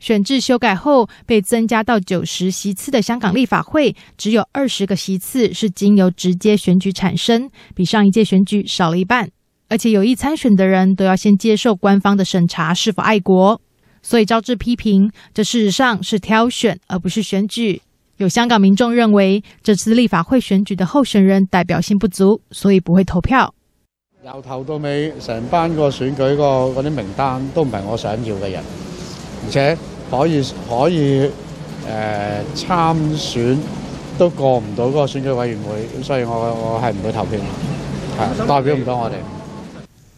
選制修改後，被增加到九十席次的香港立法會，只有二十個席次是經由直接選舉產生，比上一屆選舉少了一半。而且有意參選的人都要先接受官方的審查，是否愛國，所以招致批評。這事實上是挑選而不是選舉。有香港民眾認為，這次立法會選舉的候選人代表性不足，所以不會投票。由頭到尾，成班個選舉個嗰啲名單都唔係我想要嘅人。而且可以可以誒呃、參選都過唔到嗰個選舉委員會，所以我我係唔會投票。啊、代表唔到我哋。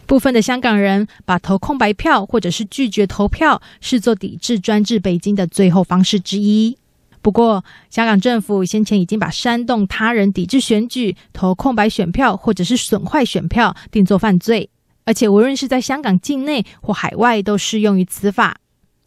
部分的香港人把投空白票或者是拒絕投票視作抵制專制北京的最後方式之一。不過香港政府先前已經把煽動他人抵制選舉投空白選票或者是損壞選票定作犯罪，而且無論是在香港境內或海外都適用於此法。